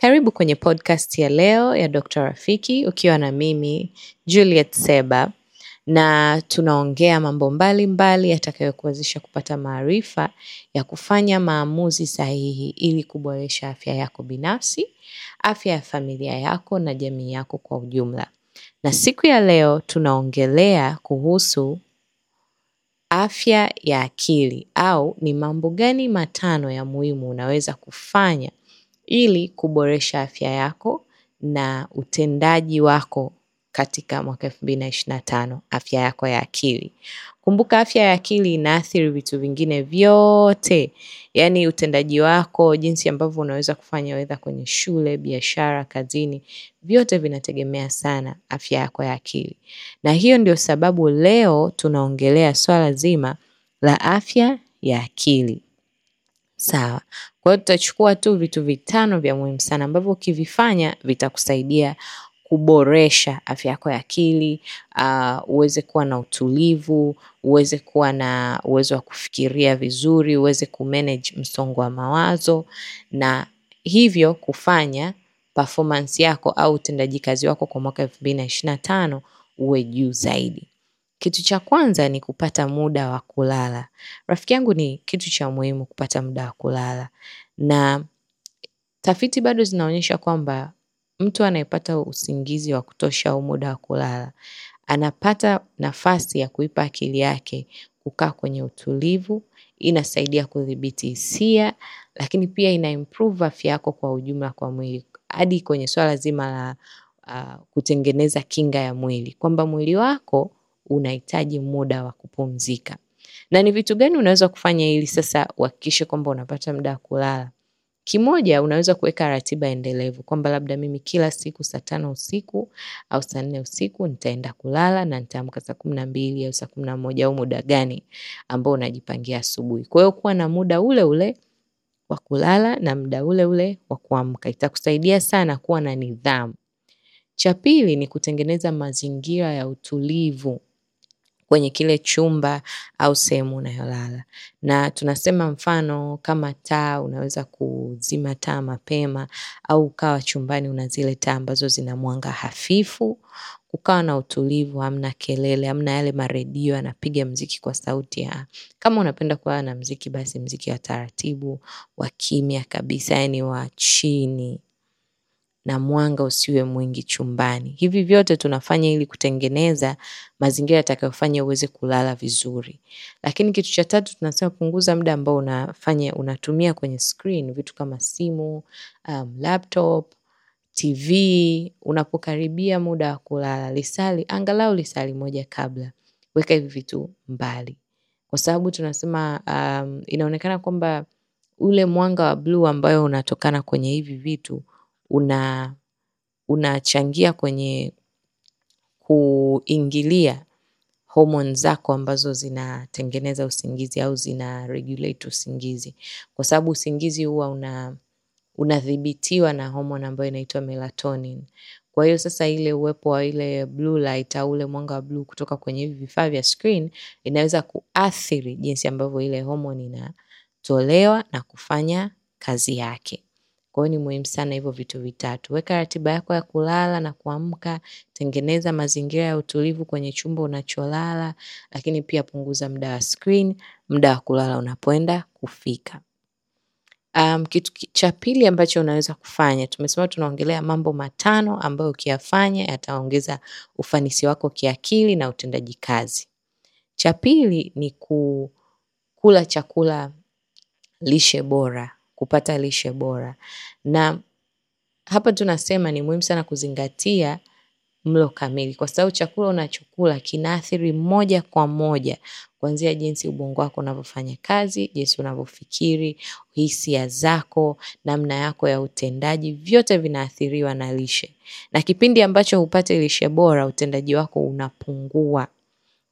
Karibu kwenye podcast ya leo ya dr Rafiki ukiwa na mimi Juliet Seba, na tunaongea mambo mbalimbali yatakayokuwezesha kupata maarifa ya kufanya maamuzi sahihi ili kuboresha afya yako binafsi, afya ya familia yako na jamii yako kwa ujumla. Na siku ya leo tunaongelea kuhusu afya ya akili au ni mambo gani matano ya muhimu unaweza kufanya ili kuboresha afya yako na utendaji wako katika mwaka 2025 afya yako ya akili. Kumbuka afya ya akili inaathiri vitu vingine vyote, yaani utendaji wako, jinsi ambavyo unaweza kufanya wedha kwenye shule, biashara, kazini, vyote vinategemea sana afya yako ya akili. Na hiyo ndio sababu leo tunaongelea swala zima la afya ya akili. Sawa. Kwa hiyo tutachukua tu vitu vitano vya muhimu sana ambavyo ukivifanya vitakusaidia kuboresha afya yako ya akili, uh, uweze kuwa na utulivu, uweze kuwa na uwezo wa kufikiria vizuri, uweze kumanage msongo wa mawazo na hivyo kufanya performance yako au utendaji kazi wako kwa mwaka elfu mbili na ishirini na tano uwe juu zaidi. Kitu cha kwanza ni kupata muda wa kulala. Rafiki yangu ni kitu cha muhimu kupata muda wa kulala. Na tafiti bado zinaonyesha kwamba mtu anayepata usingizi wa kutosha au muda wa kulala. Anapata nafasi ya kuipa akili yake kukaa kwenye utulivu, inasaidia kudhibiti hisia, lakini pia ina afya yako kwa ujumla kwa mwili. Hadi kwenye swala zima la ah, kutengeneza kinga ya mwili. Kwamba mwili wako unahitaji muda wa kupumzika. Na ni vitu gani unaweza kufanya ili sasa uhakikishe kwamba unapata muda wa kulala? Kimoja, unaweza kuweka ratiba endelevu kwamba labda mimi kila siku saa tano usiku au saa nne usiku nitaenda kulala na nitaamka saa kumi na mbili au saa kumi na moja au muda gani ambao unajipangia asubuhi. Kwa hiyo kuwa na muda ule ule wa kulala na muda ule ule wa kuamka itakusaidia sana kuwa na nidhamu. Cha pili ni kutengeneza mazingira ya utulivu kwenye kile chumba au sehemu unayolala. Na tunasema mfano kama taa, unaweza kuzima taa mapema au ukawa chumbani una zile taa ambazo zina mwanga hafifu, kukawa na utulivu, hamna kelele, hamna yale maredio yanapiga mziki kwa sauti ya kama unapenda kuwa na mziki basi mziki wa taratibu, wa kimya kabisa, yani wa chini na mwanga usiwe mwingi chumbani. Hivi vyote tunafanya ili kutengeneza mazingira yatakayofanya uweze kulala vizuri. Lakini kitu cha tatu tunasema punguza muda ambao unafanya unatumia kwenye screen, vitu kama simu, um, laptop, TV. Unapokaribia muda wa kulala lisali angalau lisali moja kabla, weka hivi vitu mbali, kwa sababu tunasema um, inaonekana kwamba ule mwanga wa bluu ambayo unatokana kwenye hivi vitu una unachangia kwenye kuingilia homoni zako ambazo zinatengeneza usingizi au zina regulate usingizi, kwa sababu usingizi huwa una unadhibitiwa na homoni ambayo inaitwa melatonin. Kwa hiyo sasa ile uwepo wa ile blue light au ule mwanga wa blue kutoka kwenye hivi vifaa vya screen inaweza kuathiri jinsi ambavyo ile homoni inatolewa na kufanya kazi yake. Kwa hiyo ni muhimu sana hivyo vitu vitatu: weka ratiba yako ya kulala na kuamka, tengeneza mazingira ya utulivu kwenye chumba unacholala, lakini pia punguza muda wa screen muda wa kulala unapoenda kufika. Um, kitu cha pili ambacho unaweza kufanya, tumesema tunaongelea mambo matano ambayo ukiyafanya yataongeza ufanisi wako kiakili na utendaji kazi. Cha pili ni kukula chakula lishe bora kupata lishe bora. Na hapa tunasema ni muhimu sana kuzingatia mlo kamili, kwa sababu chakula unachokula kinaathiri moja kwa moja kuanzia jinsi ubongo wako unavyofanya kazi, jinsi unavyofikiri, hisia zako, namna yako ya utendaji, vyote vinaathiriwa na lishe. Na kipindi ambacho hupati lishe bora, utendaji wako unapungua.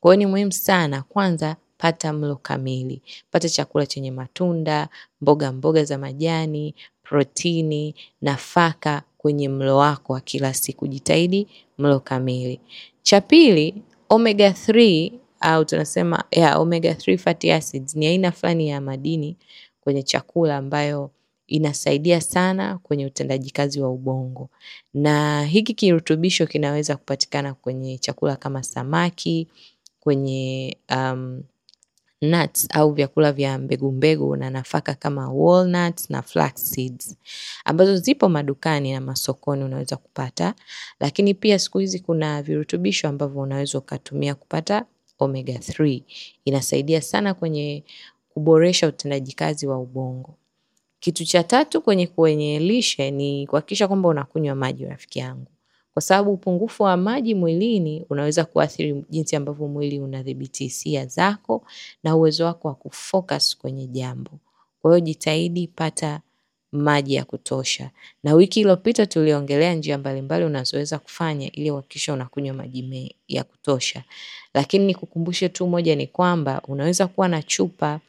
Kwa hiyo ni muhimu sana kwanza pata mlo kamili. Pata chakula chenye matunda, mboga mboga za majani, protini, nafaka kwenye mlo wako wa kila siku. Jitahidi mlo kamili. Cha pili, omega 3 au tunasema yeah, omega 3 fatty acids ni aina fulani ya madini kwenye chakula ambayo inasaidia sana kwenye utendaji kazi wa ubongo, na hiki kirutubisho kinaweza kupatikana kwenye chakula kama samaki, kwenye um, nuts au vyakula vya mbegu mbegu na nafaka kama walnuts na flax seeds ambazo zipo madukani na masokoni unaweza kupata, lakini pia siku hizi kuna virutubisho ambavyo unaweza ukatumia kupata omega 3 inasaidia sana kwenye kuboresha utendaji kazi wa ubongo. Kitu cha tatu kwenye kwenye lishe ni kuhakikisha kwamba unakunywa maji rafiki yangu kwa sababu upungufu wa maji mwilini unaweza kuathiri jinsi ambavyo mwili unadhibiti hisia zako na uwezo wako wa kufocus kwenye jambo. Kwa hiyo jitahidi pata maji ya kutosha, na wiki iliyopita tuliongelea njia mbalimbali unazoweza kufanya ili uhakikishe unakunywa maji ya kutosha, lakini nikukumbushe tu moja ni kwamba unaweza kuwa na chupa,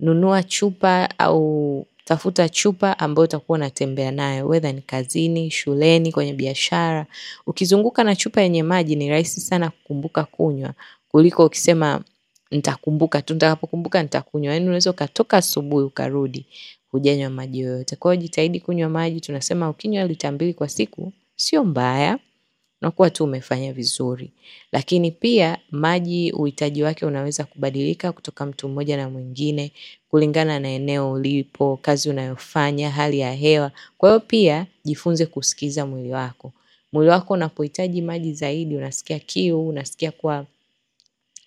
nunua chupa au tafuta chupa ambayo utakuwa unatembea nayo, wedha ni kazini, shuleni, kwenye biashara. Ukizunguka na chupa yenye maji ni rahisi sana kukumbuka kunywa kuliko ukisema ntakumbuka tu, ntakapokumbuka ntakunywa yani unaweza ukatoka asubuhi ukarudi hujanywa maji yoyote. kwayo jitahidi kunywa maji. Tunasema ukinywa lita mbili kwa siku sio mbaya unakuwa tu umefanya vizuri. Lakini pia maji uhitaji wake unaweza kubadilika kutoka mtu mmoja na mwingine kulingana na eneo ulipo, kazi unayofanya, hali ya hewa. Kwa hiyo pia jifunze kusikiza mwili wako. Mwili wako unapohitaji maji zaidi, unasikia kiu, unasikia kwa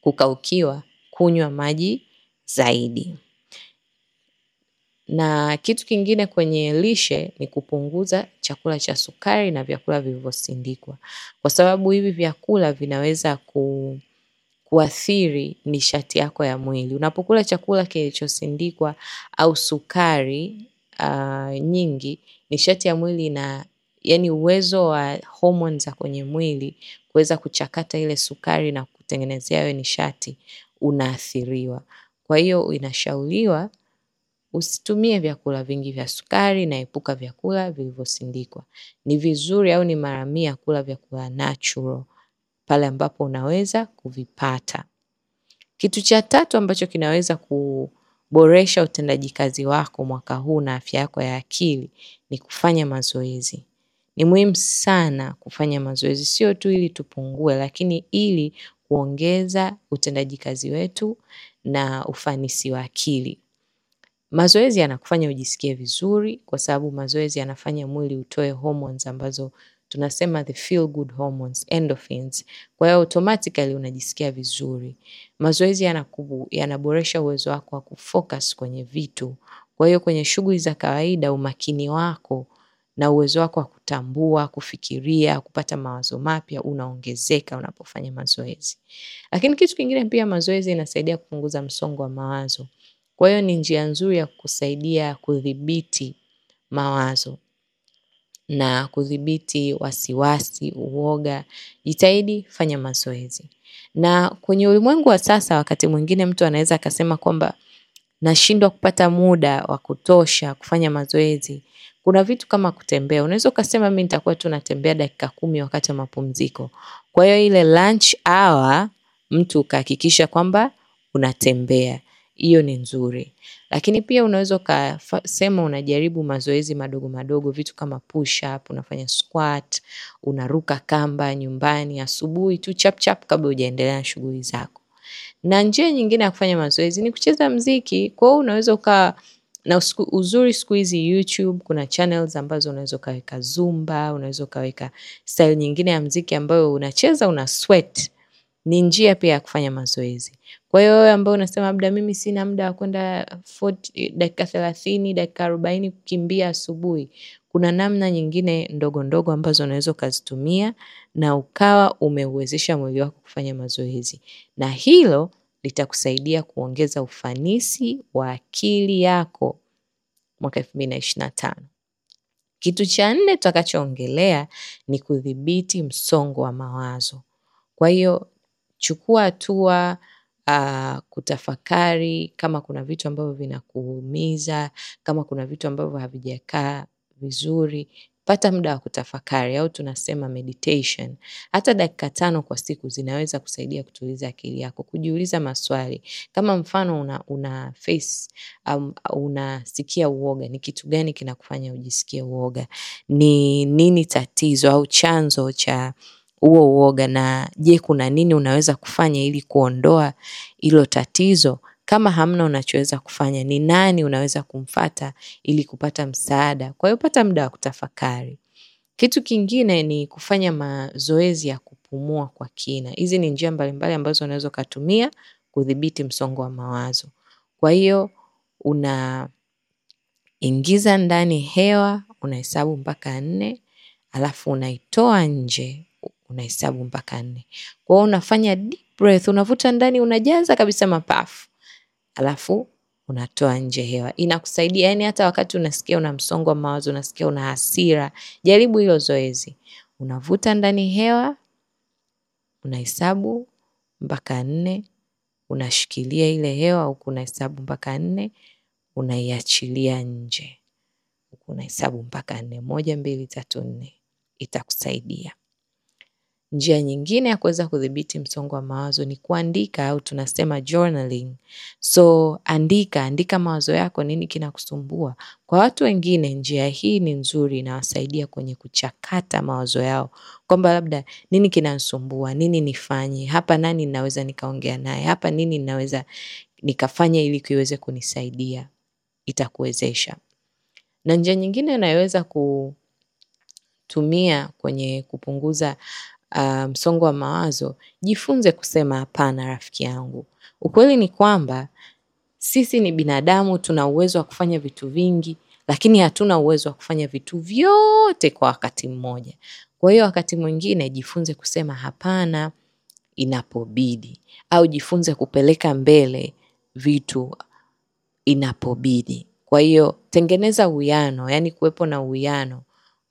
kukaukiwa, kunywa maji zaidi. Na kitu kingine kwenye lishe ni kupunguza chakula cha sukari na vyakula vilivyosindikwa, kwa sababu hivi vyakula vinaweza ku kuathiri nishati yako ya mwili. Unapokula chakula kilichosindikwa au sukari ah, nyingi, nishati ya mwili na yani uwezo wa homoni za kwenye mwili kuweza kuchakata ile sukari na kutengenezea hiyo nishati unaathiriwa. Kwa hiyo inashauriwa Usitumie vyakula vingi vya sukari na epuka vyakula vilivyosindikwa. Ni vizuri au ni mara mia kula vyakula natural pale ambapo unaweza kuvipata. Kitu cha tatu ambacho kinaweza kuboresha utendaji kazi wako mwaka huu na afya yako ya akili ni kufanya mazoezi. Ni muhimu sana kufanya mazoezi, sio tu ili tupungue, lakini ili kuongeza utendaji kazi wetu na ufanisi wa akili. Mazoezi yanakufanya ujisikie vizuri kwa sababu mazoezi yanafanya mwili utoe hormones ambazo tunasema the feel good hormones, endorphins. Kwa hiyo automatically unajisikia vizuri. Mazoezi yanakubu, yanaboresha uwezo wako wa kufocus kwenye vitu. Kwa hiyo kwenye shughuli za kawaida umakini wako na uwezo wako wa kutambua, kufikiria, kupata mawazo mapya unaongezeka unapofanya mazoezi. Lakini kitu kingine pia mazoezi inasaidia kupunguza msongo wa mawazo. Kwa hiyo ni njia nzuri ya kusaidia kudhibiti mawazo na kudhibiti wasiwasi, uoga. Jitahidi fanya mazoezi. Na kwenye ulimwengu wa sasa wakati mwingine mtu anaweza akasema kwamba nashindwa kupata muda wa kutosha kufanya mazoezi. Kuna vitu kama kutembea. Unaweza ukasema mimi nitakuwa tu natembea dakika kumi wakati wa mapumziko. Kwa hiyo ile lunch hour mtu ukahakikisha kwamba unatembea hiyo ni nzuri. Lakini pia unaweza ukasema unajaribu mazoezi madogo madogo, vitu kama push up, unafanya squat, unaruka kamba nyumbani asubuhi tu chap chap, kabla hujaendelea na shughuli zako. Na njia nyingine ya kufanya mazoezi ni kucheza mziki. Kwa hiyo unaweza ukawa na uzuri siku hizi YouTube kuna channels ambazo unaweza ukaweka zumba, unaweza ukaweka style nyingine ya mziki ambayo unacheza una sweat. Ni njia pia ya kufanya mazoezi. Kwa hiyo wewe ambao unasema labda mimi sina muda wa kwenda dakika thelathini, dakika arobaini kukimbia asubuhi, kuna namna nyingine ndogo ndogo ambazo unaweza ukazitumia na ukawa umeuwezesha mwili wako kufanya mazoezi, na hilo litakusaidia kuongeza ufanisi wa akili yako mwaka elfu mbili na ishirini na tano. Kitu cha nne tutakachoongelea ni kudhibiti msongo wa mawazo. Kwa hiyo chukua hatua uh, kutafakari kama kuna vitu ambavyo vinakuumiza, kama kuna vitu ambavyo havijakaa vizuri, pata muda wa kutafakari au tunasema meditation. Hata dakika tano kwa siku zinaweza kusaidia kutuliza akili yako, kujiuliza maswali kama mfano una, una face um, unasikia uoga, ni kitu gani kinakufanya ujisikie uoga? Ni nini tatizo au chanzo cha huo uoga, na je, kuna nini unaweza kufanya ili kuondoa hilo tatizo? Kama hamna unachoweza kufanya, ni nani unaweza kumfata ili kupata msaada? Kwa hiyo pata muda wa kutafakari. Kitu kingine ni kufanya mazoezi ya kupumua kwa kina. Hizi ni njia mbalimbali ambazo unaweza ukatumia kudhibiti msongo wa mawazo. Kwa hiyo unaingiza ndani hewa, unahesabu mpaka nne, alafu unaitoa nje unahesabu mpaka nne. Kwa hiyo unafanya deep breath, unavuta ndani, unajaza kabisa mapafu, alafu unatoa nje hewa. Inakusaidia yani, hata wakati unasikia una msongo wa mawazo, unasikia una hasira, jaribu hilo zoezi. Unavuta ndani hewa, unahesabu mpaka nne, unashikilia ile hewa huku unahesabu mpaka nne, unaiachilia nje huku unahesabu mpaka nne. Moja, mbili, tatu, nne. Itakusaidia. Njia nyingine ya kuweza kudhibiti msongo wa mawazo ni kuandika au tunasema journaling. So andika, andika mawazo yako nini kinakusumbua. Kwa watu wengine njia hii ni nzuri inawasaidia kwenye kuchakata mawazo yao. Kwamba labda nini kinasumbua nini nifanye, hapa nani ninaweza nikaongea naye, hapa nini ninaweza nikafanya ili kiweze kunisaidia, itakuwezesha. Na njia nyingine unayoweza kutumia kwenye kupunguza Ah, msongo wa mawazo, jifunze kusema hapana rafiki yangu. Ukweli ni kwamba sisi ni binadamu, tuna uwezo wa kufanya vitu vingi, lakini hatuna uwezo wa kufanya vitu vyote kwa wakati mmoja. Kwa hiyo wakati mwingine jifunze kusema hapana inapobidi, au jifunze kupeleka mbele vitu inapobidi. Kwa hiyo tengeneza uwiano, yaani kuwepo na uwiano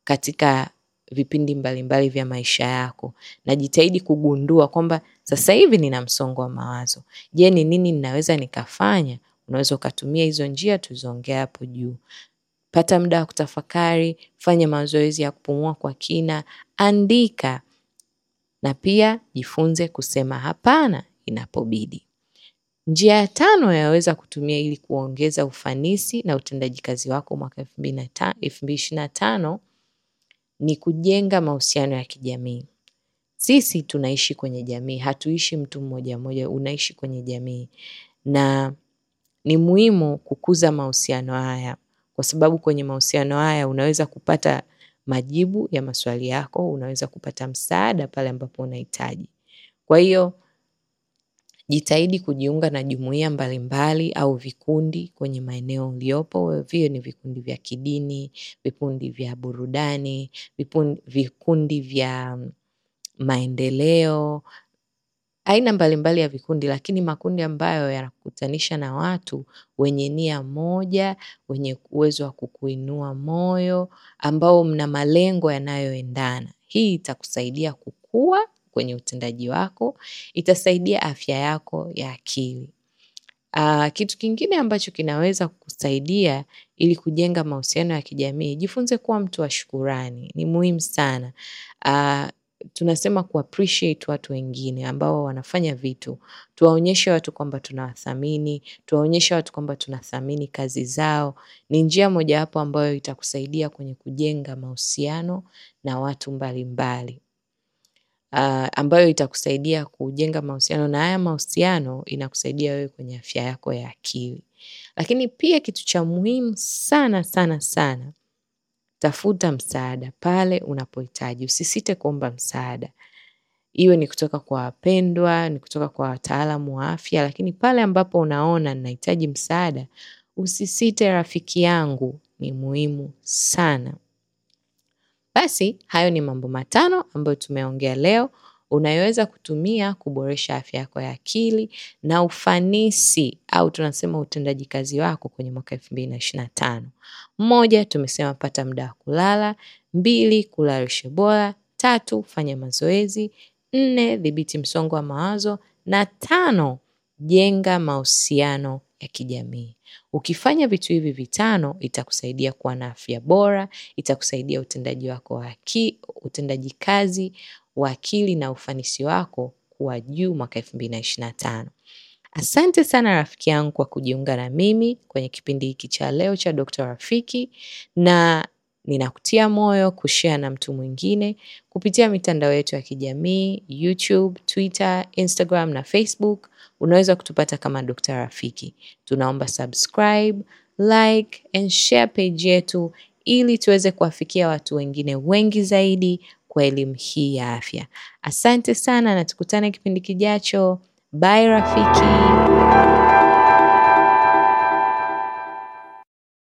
katika vipindi mbalimbali vya maisha yako. Najitahidi kugundua kwamba sasa hivi nina msongo wa mawazo. Je, ni nini ninaweza nikafanya? Unaweza ukatumia hizo njia tulizoongea hapo juu. Pata muda wa kutafakari, fanya mazoezi ya kupumua kwa kina, andika na pia jifunze kusema hapana inapobidi. Njia ya tano yaweza kutumia ili kuongeza ufanisi na utendaji kazi wako mwaka elfu mbili ishirini na tano ni kujenga mahusiano ya kijamii. Sisi tunaishi kwenye jamii, hatuishi mtu mmoja mmoja, unaishi kwenye jamii. Na ni muhimu kukuza mahusiano haya kwa sababu kwenye mahusiano haya unaweza kupata majibu ya maswali yako, unaweza kupata msaada pale ambapo unahitaji. Kwa hiyo Jitahidi kujiunga na jumuiya mbalimbali au vikundi kwenye maeneo uliopo, vio ni vikundi vya kidini, vikundi vya burudani, vikundi vya maendeleo, aina mbalimbali ya vikundi lakini makundi ambayo yanakutanisha na watu wenye nia moja, wenye uwezo wa kukuinua moyo, ambao mna malengo yanayoendana. Hii itakusaidia kukua kwenye utendaji wako, itasaidia afya yako ya akili. Uh, kitu kingine ambacho kinaweza kukusaidia ili kujenga mahusiano ya kijamii, jifunze kuwa mtu wa shukurani. Ni muhimu sana. Uh, tunasema ku appreciate watu wengine ambao wanafanya vitu. Tuwaonyeshe watu kwamba tunawathamini, tuwaonyeshe watu kwamba tunathamini kazi zao. Ni njia mojawapo ambayo itakusaidia kwenye kujenga mahusiano na watu mbalimbali uh, ambayo itakusaidia kujenga mahusiano, na haya mahusiano inakusaidia wewe kwenye afya yako ya akili. Lakini pia kitu cha muhimu sana sana sana, tafuta msaada pale unapohitaji. Usisite kuomba msaada, iwe ni kutoka kwa wapendwa, ni kutoka kwa wataalamu wa afya. Lakini pale ambapo unaona nahitaji msaada, usisite rafiki yangu, ni muhimu sana. Basi hayo ni mambo matano ambayo tumeongea leo unayoweza kutumia kuboresha afya yako ya akili na ufanisi au tunasema utendaji kazi wako kwenye mwaka elfu mbili na ishirini na tano. Moja, tumesema pata muda wa kulala. Mbili, kula lishe bora. Tatu, fanya mazoezi. Nne, dhibiti msongo wa mawazo na tano, jenga mahusiano ya kijamii. Ukifanya vitu hivi vitano, itakusaidia kuwa na afya bora, itakusaidia utendaji wako wa utendaji kazi wa akili na ufanisi wako kuwa juu mwaka na tano. Asante sana rafiki yangu kwa kujiunga na mimi kwenye kipindi hiki cha leo cha Dokta Rafiki na ninakutia moyo kushare na mtu mwingine kupitia mitandao yetu ya kijamii YouTube, Twitter, Instagram na Facebook. Unaweza kutupata kama Dokta Rafiki. Tunaomba subscribe, like and share page yetu ili tuweze kuwafikia watu wengine wengi zaidi kwa elimu hii ya afya. Asante sana na tukutane kipindi kijacho. Bye rafiki.